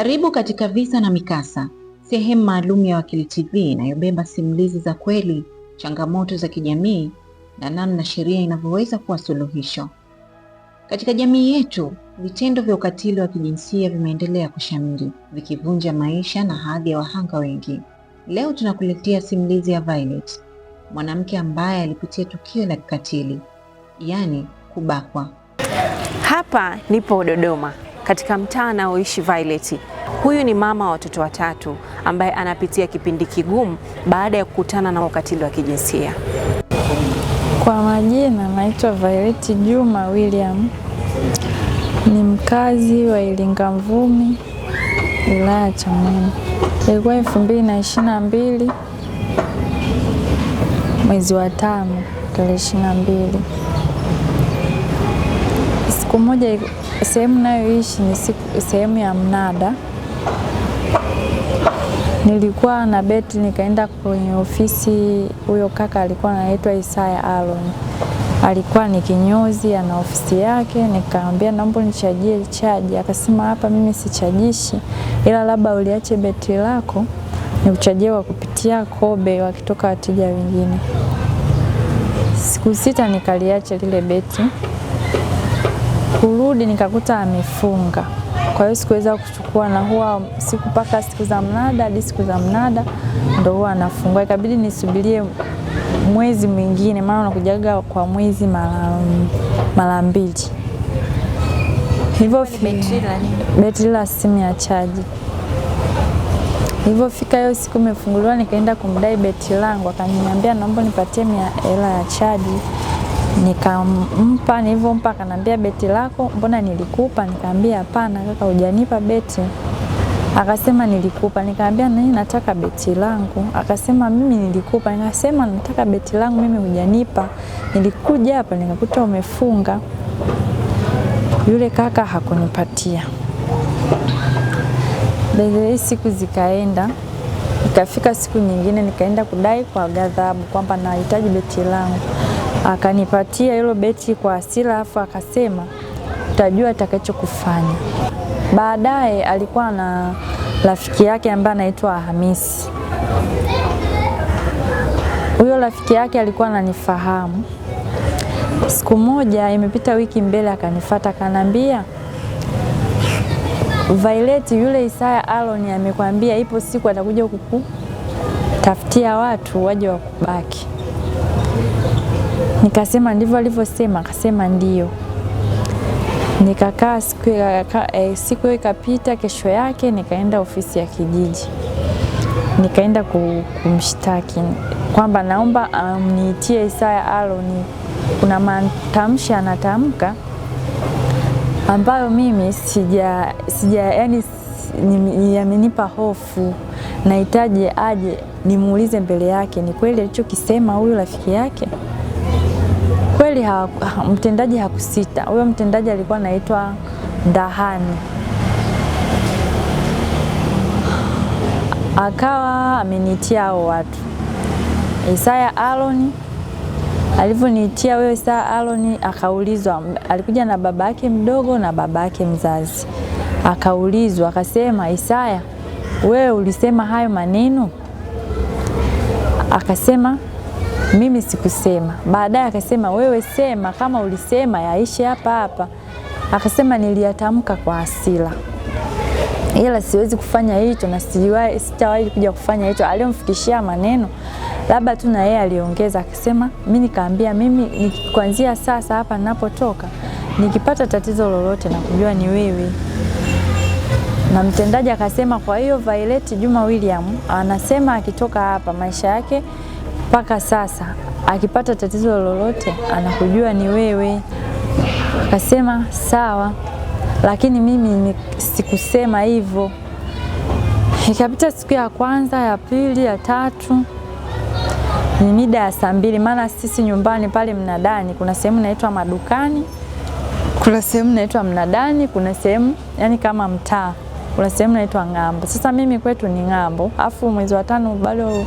Karibu katika Visa na Mikasa, sehemu maalum ya Wakili TV inayobeba simulizi za kweli, changamoto za kijamii na namna sheria inavyoweza kuwa suluhisho. Katika jamii yetu, vitendo vya ukatili wa kijinsia vimeendelea kushamiri, vikivunja maisha na hadhi ya wahanga wengi. Leo tunakuletea simulizi ya Violet, mwanamke ambaye alipitia tukio la kikatili, yaani kubakwa. Hapa nipo Dodoma katika mtaa anaoishi Violet. Huyu ni mama wa watoto watatu ambaye anapitia kipindi kigumu baada ya kukutana na ukatili wa kijinsia. Kwa majina naitwa Violet Juma William, ni mkazi wa Ilinga Mvumi, wilaya ya Chamwino. Ilikuwa elfu mbili na ishirini na mbili mwezi wa tano tarehe ishirini na mbili siku moja Sehemu nayoishi ni sehemu ya mnada. Nilikuwa na beti nikaenda kwenye ofisi, huyo kaka alikuwa anaitwa Isaya Aaron, alikuwa ni kinyozi, ana ofisi yake. Nikamwambia naomba nichajie chaji, akasema hapa mimi sichajishi, ila labda uliache beti lako nikuchajie kwa kupitia kobe, wakitoka wateja wengine. Siku sita nikaliacha lile beti kurudi nikakuta amefunga. Kwa hiyo sikuweza kuchukua, na huwa siku mpaka siku za mnada hadi siku za mnada ndo huwa anafungua, ikabidi nisubirie mwezi mwingine, maana unakujaga kwa mwezi mara mbili hivyo. Betri la simu ya chaji Nilivyofika hiyo siku imefunguliwa, nikaenda kumdai beti langu, akaniambia naomba nipatie hela ya chaji nikampa nilivyompa, akanambia beti lako mbona nilikupa? Nikaambia hapana kaka, hujanipa beti. Akasema nilikupa. Nikaambia nini? nataka beti langu. Akasema mimi nilikupa. Nikasema nataka beti langu mimi, hujanipa. Nilikuja hapa nikakuta umefunga. Yule kaka hakunipatia. Baadaye siku zikaenda, ikafika siku nyingine nikaenda kudai kwa ghadhabu kwamba nahitaji beti langu akanipatia hilo beti kwa asila, afu akasema utajua atakachokufanya baadaye. Alikuwa na rafiki yake ambaye anaitwa Hamisi. Huyo rafiki yake alikuwa ananifahamu. Siku moja imepita wiki mbele, akanifata kanambia, Violet, yule Isaya Aloni amekwambia ipo siku atakuja kukutafutia watu waje wakubaki. Nikasema ndivyo alivyosema, akasema ndio. Nikakaa siku e, siku hiyo ikapita. Kesho yake nikaenda ofisi ya kijiji, nikaenda kumshtaki kwamba naomba amniitie um, Isaya aroni Kuna matamshi anatamka ambayo mimi sija, sija yani yamenipa hofu. Nahitaji aje nimuulize mbele yake, ni kweli alichokisema huyu rafiki yake? kweli ha, mtendaji hakusita. Huyo mtendaji alikuwa anaitwa Ndahani, akawa ameniitia hao watu Isaya Aloni. Alivyoniitia huyo Isaya Aloni, akaulizwa, alikuja na baba yake mdogo na baba yake mzazi, akaulizwa akasema, Isaya, wewe ulisema hayo maneno? Akasema mimi sikusema. Baadaye akasema wewe sema, kama ulisema yaishe hapa hapa. Akasema niliyatamka kwa hasira, ila siwezi kufanya hicho na sijawahi, sitawahi kuja kufanya hicho. Aliyomfikishia maneno labda tu na yeye aliongeza, akasema mimi nikaambia, mimi kuanzia sasa hapa ninapotoka, nikipata tatizo lolote na kujua ni wewe na mtendaji akasema, kwa hiyo Violet Juma William anasema akitoka hapa maisha yake mpaka sasa akipata tatizo lolote anakujua ni wewe. Akasema sawa, lakini mimi sikusema hivyo. Ikapita siku ya kwanza, ya pili, ya tatu, ni mida ya saa mbili, maana sisi nyumbani pale mnadani kuna sehemu inaitwa madukani, kuna sehemu inaitwa mnadani, kuna sehemu yani kama mtaa, kuna sehemu inaitwa ng'ambo. Sasa mimi kwetu ni ng'ambo, afu mwezi wa tano bado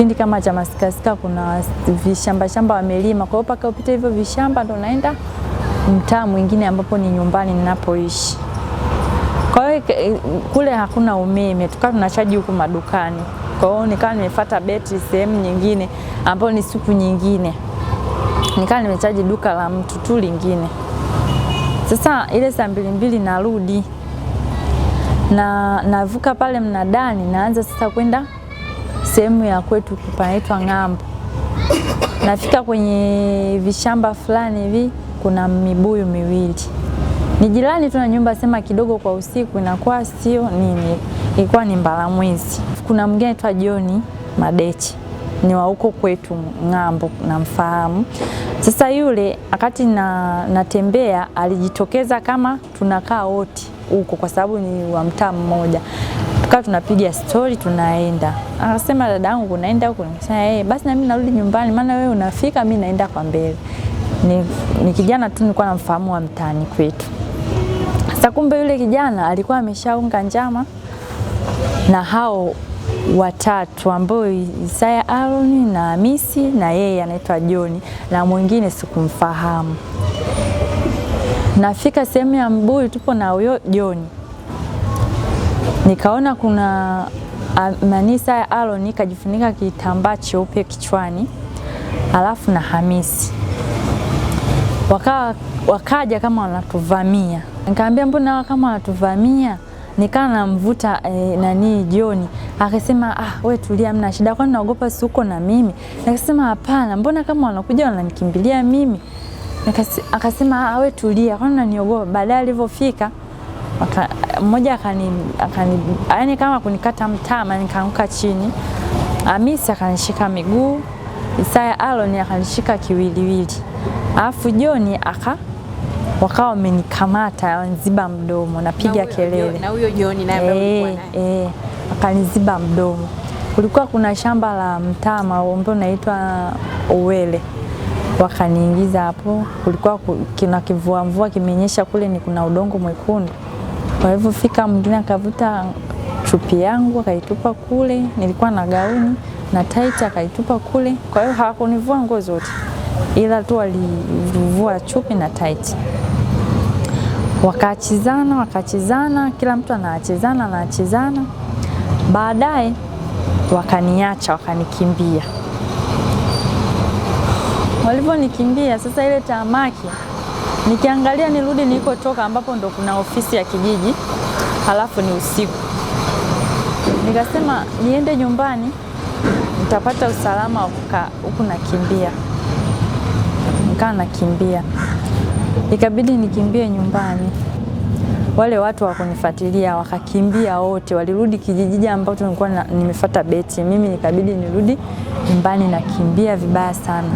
kipindi kama cha masikasika kuna vishamba shamba wamelima, kwa hiyo paka upite hivyo vishamba ndo naenda mtaa mwingine ambapo ni nyumbani ninapoishi. Kwa hiyo kule hakuna umeme, tukawa tunachaji huku madukani. Kwa hiyo nikawa nimefuata betri sehemu nyingine ambayo ni siku nyingine, nikawa nimechaji duka la mtu tu lingine. Sasa ile saa mbili mbili narudi na navuka pale mnadani, naanza sasa kwenda sehemu ya kwetu panaitwa Ng'ambo. Nafika kwenye vishamba fulani hivi, kuna mibuyu miwili ni jirani tu na nyumba, sema kidogo kwa usiku inakuwa sio nini, ilikuwa ni mbalamwizi. Kuna mgeni anaitwa joni Madechi ni wa huko kwetu Ng'ambo, namfahamu. Sasa yule wakati na, natembea alijitokeza kama tunakaa wote huko, kwa sababu ni wa mtaa mmoja tukawa tunapiga stori tunaenda. Akasema yangu unaenda huko? Nikasema eh, basi na mimi narudi nyumbani, maana wewe unafika, mimi naenda kwa mbele. Ni, ni kijana tu nilikuwa namfahamu wa mtaani kwetu. Sasa kumbe yule kijana alikuwa ameshaunga njama na hao watatu ambao Isaya Aaron na Hamisi na yeye anaitwa Joni na mwingine sikumfahamu. Nafika sehemu ya Mbuyu, tupo na huyo Joni nikaona kuna Manisa ya Aloni kajifunika kitambaa cheupe kichwani, alafu na Hamisi waka, wakaja kama wanatuvamia. Nikaambia mbona kama wanatuvamia, nikaa namvuta e, nani Joni akasema ah, we tulia, mna shida, kwani naogopa siuko na mimi? Nikasema hapana, mbona kama wanakuja wananikimbilia mimi? Akasema ah, we tulia, kwani unaniogopa? Baadaye alivyofika mmoja akani, akani, yani kama kunikata mtama, nikaanguka chini. Hamisi ah, akanishika miguu, Isaya Aloni akanishika kiwiliwili, alafu Joni aka wakawa wamenikamata anziba mdomo, napiga kelele na huyo Joni eh, naye eh, akaniziba mdomo. Kulikuwa kuna shamba la mtama ambao unaitwa Uwele, wakaniingiza hapo. Kulikuwa kuna kivua mvua kimenyesha kule, ni kuna udongo mwekundu Walivyofika mwingine akavuta chupi yangu akaitupa kule, nilikuwa na gauni na taiti akaitupa kule. Kwa hiyo hawakunivua nguo zote, ila tu walivua chupi na taiti. wakachizana wakachizana kila mtu anachezana anachezana. Baadaye wakaniacha wakanikimbia. Walivyonikimbia sasa, ile tamaki Nikiangalia nirudi nilikotoka, ambapo ndo kuna ofisi ya kijiji, halafu ni usiku. Nikasema niende nyumbani nitapata usalama huku nakimbia. Nikaa nakimbia, ikabidi nikimbie nyumbani wale watu wakunifuatilia wakakimbia wote, walirudi kijijiji ambao tulikuwa nimefuata beti. Mimi nikabidi nirudi nyumbani, nakimbia vibaya sana.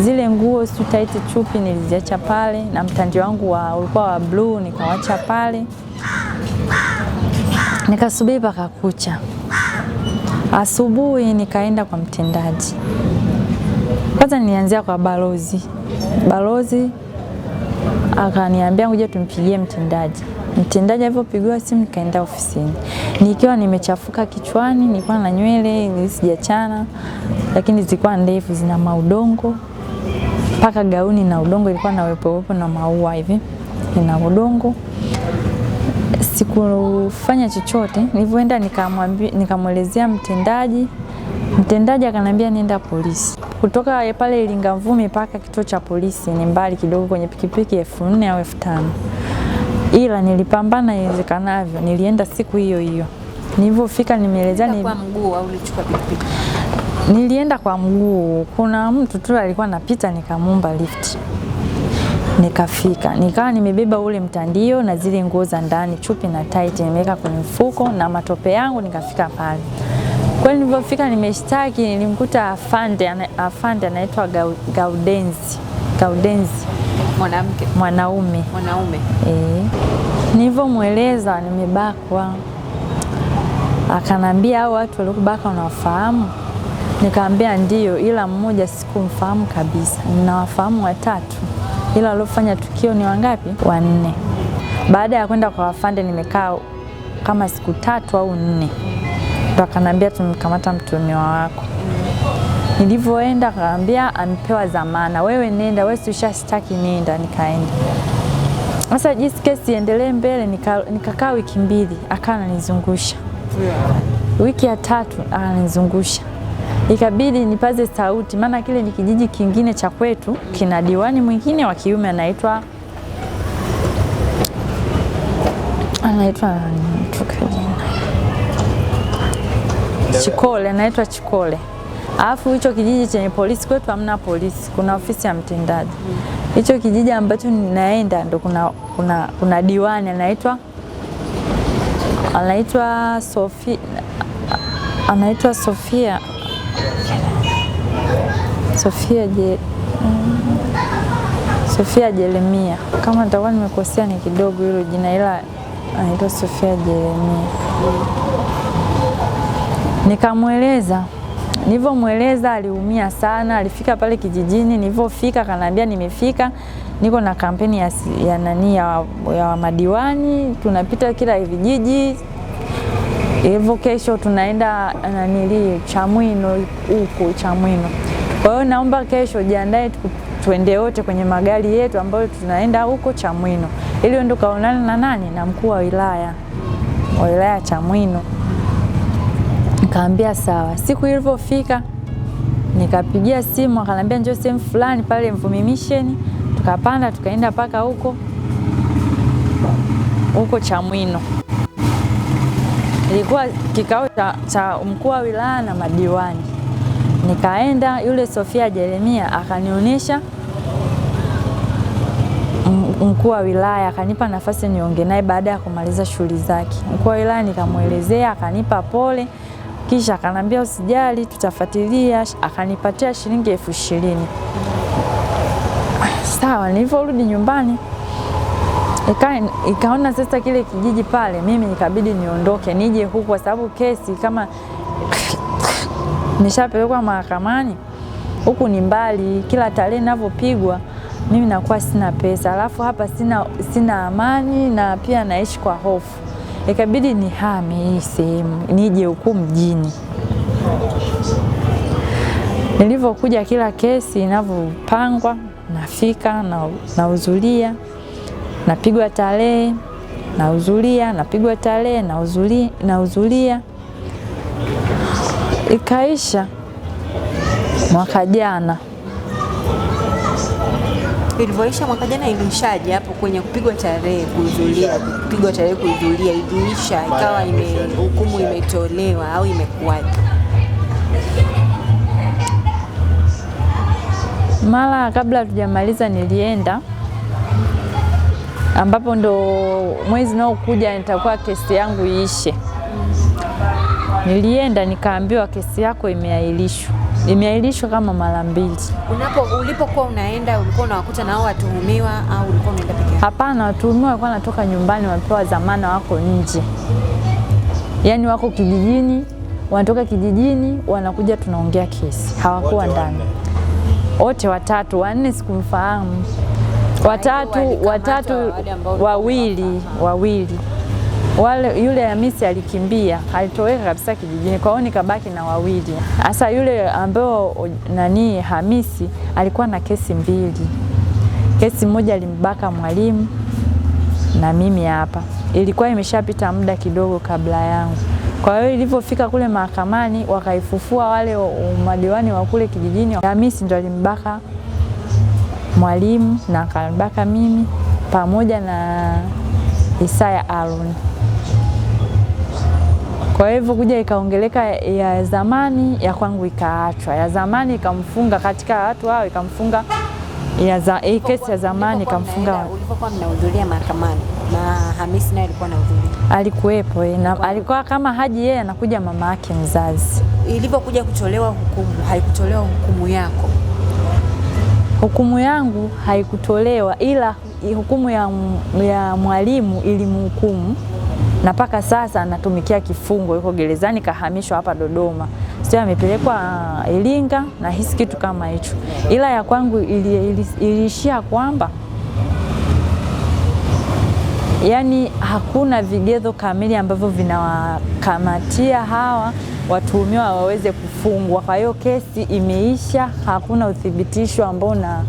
Zile nguo si tight chupi niliziacha pale, na mtandio wangu wa ulikuwa wa blue nikawacha pale, nikasubiri paka kucha. Asubuhi nikaenda kwa mtendaji. Kwanza nianzia kwa balozi, balozi akaniambia ngoja tumpigie mtendaji. Mtendaji alipopigiwa simu nikaenda ofisini nikiwa nimechafuka kichwani, nilikuwa na nywele sijachana, lakini zilikuwa ndefu zina maudongo mpaka gauni na udongo, ilikuwa na wepo wepo na maua hivi ina udongo. Sikufanya chochote. Nilivyoenda nikamwambia, nikamwelezea mtendaji, mtendaji akanambia nenda polisi. Kutoka pale Ilinga Mvumi mpaka kituo cha polisi ni mbali kidogo, kwenye pikipiki elfu nne au elfu tano ila nilipambana iwezekanavyo, nilienda siku hiyo hiyo. Nilivyofika nimeelezea ni... kwa mguu au ulichukua pikipiki? Nilienda kwa mguu, kuna mtu tu alikuwa napita nikamumba lifti nikafika nikawa nimebeba ule mtandio na zile nguo za ndani, chupi na tight, nimeweka kwenye mfuko na matope yangu, nikafika pale. Kweli nilivyofika nimeshtaki, nilimkuta afande, afande anaitwa Gaudenzi, Gaudenzi mwanamke mwanaume mwanaume e. Nilivyomweleza nimebakwa, akanambia au watu waliokubaka unawafahamu? Nikaambia ndio, ila mmoja sikumfahamu kabisa. Ninawafahamu watatu, ila waliofanya tukio ni wangapi? Wanne. Baada ya kwenda kwa wafande, nimekaa kama siku tatu au nne, ndo akanambia tumemkamata mtumiwa wako. Nilivyoenda kaambia amepewa dhamana, wewe nenda, wewe ushastaki, nenda. Nikaenda. Sasa jinsi kesi iendelee mbele, nikakaa wiki mbili, akawa ananizungusha. Wiki ya tatu ananizungusha, ikabidi nipaze sauti, maana kile ni kijiji kingine cha kwetu, kina diwani mwingine wa kiume anaitwa anaitwa Chikole, anaitwa Chikole. Alafu hicho kijiji chenye polisi, kwetu hamna polisi, kuna ofisi ya mtendaji. Hicho kijiji ambacho ninaenda ndo kuna, kuna, kuna diwani anaitwa anaitwa Sofia anaitwa Sofia Sofia je Sofia Jeremia, kama nitakuwa nimekosea ni kidogo hilo jina, ila anaitwa Sofia Jeremia. Nikamweleza Nilivyomweleza aliumia sana, alifika pale kijijini. Nilivyofika kanaambia nimefika, niko na kampeni ya, ya nani ya, ya madiwani, tunapita kila vijiji hivyo. Kesho tunaenda nanili Chamwino huko Chamwino. Kwa hiyo naomba kesho jiandae tuende wote kwenye magari yetu ambayo tunaenda huko Chamwino ili ndo kaonane na nani na mkuu wa wilaya wa wilaya Chamwino. Nikaambia sawa. Siku ilivyofika nikapigia simu, akanambia njoo sehemu fulani pale Mvumi Mission, tukapanda tukaenda mpaka huko huko Chamwino. Ilikuwa kikao cha, cha mkuu wa wilaya na madiwani. Nikaenda, yule Sofia Jeremia akanionyesha mkuu wa wilaya akanipa nafasi nionge naye baada ya kumaliza shughuli zake. Mkuu wa wilaya nikamwelezea, akanipa pole. Kisha akanambia usijali, tutafuatilia. Akanipatia shilingi elfu ishirini. Sawa, nilivyorudi nyumbani Ika, ikaona sasa kile kijiji pale, mimi nikabidi niondoke nije huku, kwa sababu kesi kama nishapelekwa mahakamani, huku ni mbali, kila tarehe ninavyopigwa mimi nakuwa sina pesa, alafu hapa sina, sina amani na pia naishi kwa hofu ikabidi ni hame hii sehemu nije huku mjini. Nilivyokuja kila kesi inavyopangwa, nafika na nahudhuria, napigwa tarehe, nahudhuria, napigwa tarehe, nahudhuria, ikaisha mwaka jana ilivyoisha mwaka jana ilishaje hapo kwenye kupigwa tarehe kuhudhuria, kupigwa tarehe kuhudhuria, iliisha ikawa ime hukumu imetolewa au imekuwaje? Mara kabla hatujamaliza nilienda ambapo ndo mwezi naokuja nitakuwa kesi yangu iishe. Nilienda nikaambiwa kesi yako imeahirishwa. Imeahirishwa kama mara mbili. Unapo ulipokuwa unaenda ulikuwa unawakuta na watuhumiwa au ulikuwa unaenda peke yako? Hapana, watuhumiwa walikuwa natoka nyumbani, wamepewa dhamana, wako nje, yaani wako kijijini, wanatoka kijijini wanakuja, tunaongea kesi, hawakuwa ndani wote watatu. Wanne sikumfahamu watatu, watatu, watatu wawili wawili wale yule Hamisi alikimbia, alitoweka kabisa kijijini, kwa hiyo nikabaki na wawili. Sasa yule ambao nani Hamisi alikuwa na kesi mbili, kesi moja alimbaka mwalimu na mimi hapa, ilikuwa imeshapita muda kidogo kabla yangu. Kwa hiyo ilivyofika kule mahakamani, wakaifufua wale madiwani wa kule kijijini. Hamisi ndo alimbaka mwalimu na akambaka mimi pamoja na Isaya Aaron. Kwa hivyo kuja ikaongeleka ya zamani ya kwangu ikaachwa, ya zamani ikamfunga katika watu hao, ikamfunga ya za, e, kesi ya zamani ikamfunga. Ulipokuwa mnahudhuria mahakamani na Hamisi naye alikuwa anahudhuria, alikuwepo, eh, alikuwa kama Haji, yeye anakuja mama yake mzazi. Ilipokuja kutolewa hukumu, haikutolewa hukumu yako? Hukumu yangu haikutolewa, ila hukumu ya, ya mwalimu ilimhukumu na mpaka sasa anatumikia kifungo, yuko gerezani, kahamishwa hapa Dodoma, sio amepelekwa ah, Iringa na hisi kitu kama hicho, ila ya kwangu iliishia kwamba yaani hakuna vigezo kamili ambavyo vinawakamatia hawa watuhumiwa waweze kufungwa. Kwa hiyo kesi imeisha, hakuna uthibitisho ambao una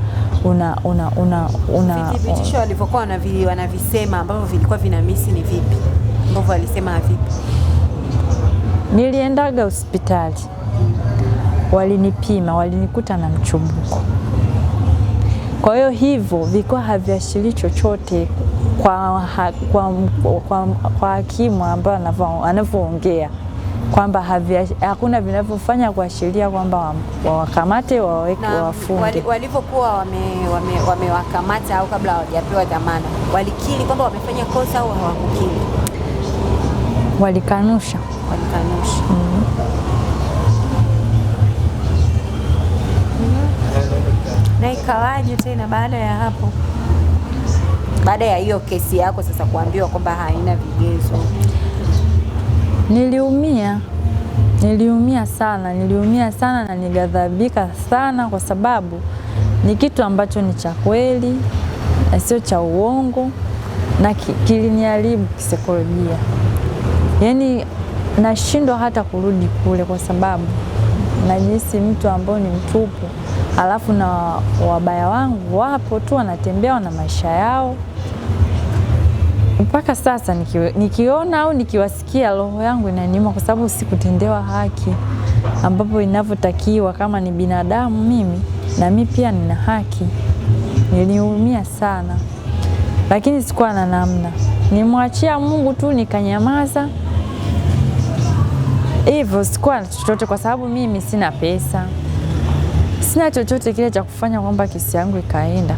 una una una una walivyokuwa wanavisema ambavyo vilikuwa vinamisi ni vipi? Mbovu alisema vipi? Niliendaga hospitali, walinipima, walinikuta na mchubuko. Kwa hiyo hivyo vilikuwa haviashirii chochote kwa, ha, kwa, kwa, kwa hakimu ambayo anavyoongea kwamba hakuna vinavyofanya kuashiria kwamba wawakamate waweke wafunge. Walivyokuwa wamewakamata wame, wame au kabla hawajapewa dhamana walikiri kwamba wamefanya kosa au hawakukiri? Walikanusha, walikanusha. Mm. Na ikawaje tena baada ya hapo? Baada ya hiyo kesi yako sasa kuambiwa kwamba haina vigezo. Niliumia, niliumia sana, niliumia sana na nigadhabika sana, kwa sababu ni kitu ambacho ni cha kweli na sio cha uongo, na kiliniharibu kisaikolojia yani nashindwa hata kurudi kule, kwa sababu najisi mtu ambao ni mtupu, alafu na wabaya wangu wapo tu wanatembea, wana maisha yao mpaka sasa niki, nikiona au nikiwasikia roho yangu inaniuma, kwa sababu sikutendewa haki ambapo inavyotakiwa. Kama ni binadamu mimi, na mimi pia nina haki. Niliumia sana, lakini sikuwa na namna, nimwachia Mungu tu nikanyamaza hivyo sikuwa na chochote, kwa sababu mimi sina pesa, sina chochote kile cha kufanya kwamba kesi yangu ikaenda.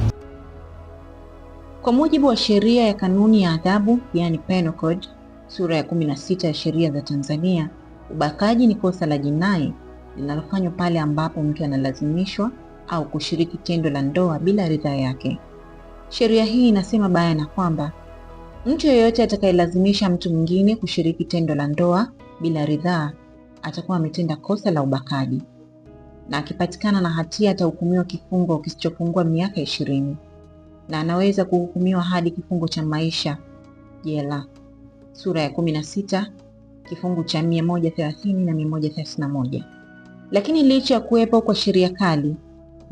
Kwa mujibu wa sheria ya kanuni ya adhabu, yani Penal Code sura ya 16 ya sheria za Tanzania, ubakaji ni kosa la jinai linalofanywa pale ambapo mtu analazimishwa au kushiriki tendo la ndoa bila ridhaa yake. Sheria hii inasema bayana kwamba mtu yeyote atakayelazimisha mtu mwingine kushiriki tendo la ndoa bila ridhaa, atakuwa ametenda kosa la ubakaji na akipatikana na hatia atahukumiwa kifungo kisichopungua miaka ishirini na anaweza kuhukumiwa hadi kifungo cha maisha jela, sura ya 16 kifungu cha 130 na 131. Lakini licha ya kuwepo kwa sheria kali,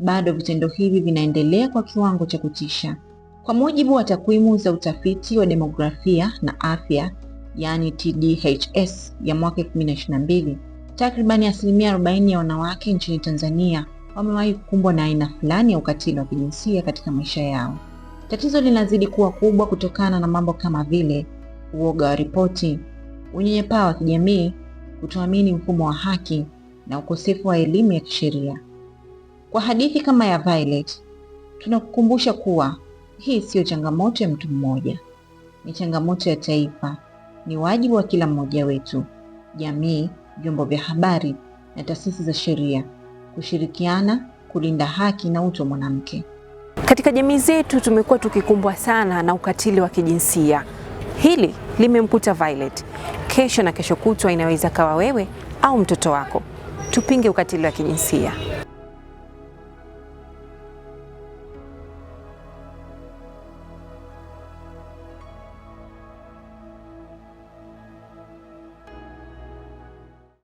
bado vitendo hivi vinaendelea kwa kiwango cha kutisha. Kwa mujibu wa takwimu za utafiti wa demografia na afya yani TDHS ya mwaka 2022, takribani asilimia 40 ya wanawake nchini Tanzania wamewahi kukumbwa na aina fulani ya ukatili wa kijinsia katika maisha yao. Tatizo linazidi kuwa kubwa kutokana na mambo kama vile uoga wa ripoti, unyenyepaa wa kijamii, kutoamini mfumo wa haki na ukosefu wa elimu ya kisheria. Kwa hadithi kama ya Violet, tunakukumbusha kuwa hii siyo changamoto ya mtu mmoja, ni changamoto ya taifa, ni wajibu wa kila mmoja wetu, jamii, vyombo vya habari na taasisi za sheria kushirikiana kulinda haki na utu wa mwanamke. Katika jamii zetu tumekuwa tukikumbwa sana na ukatili wa kijinsia. Hili limemkuta Violet. Kesho na kesho kutwa inaweza kawa wewe au mtoto wako. Tupinge ukatili wa kijinsia.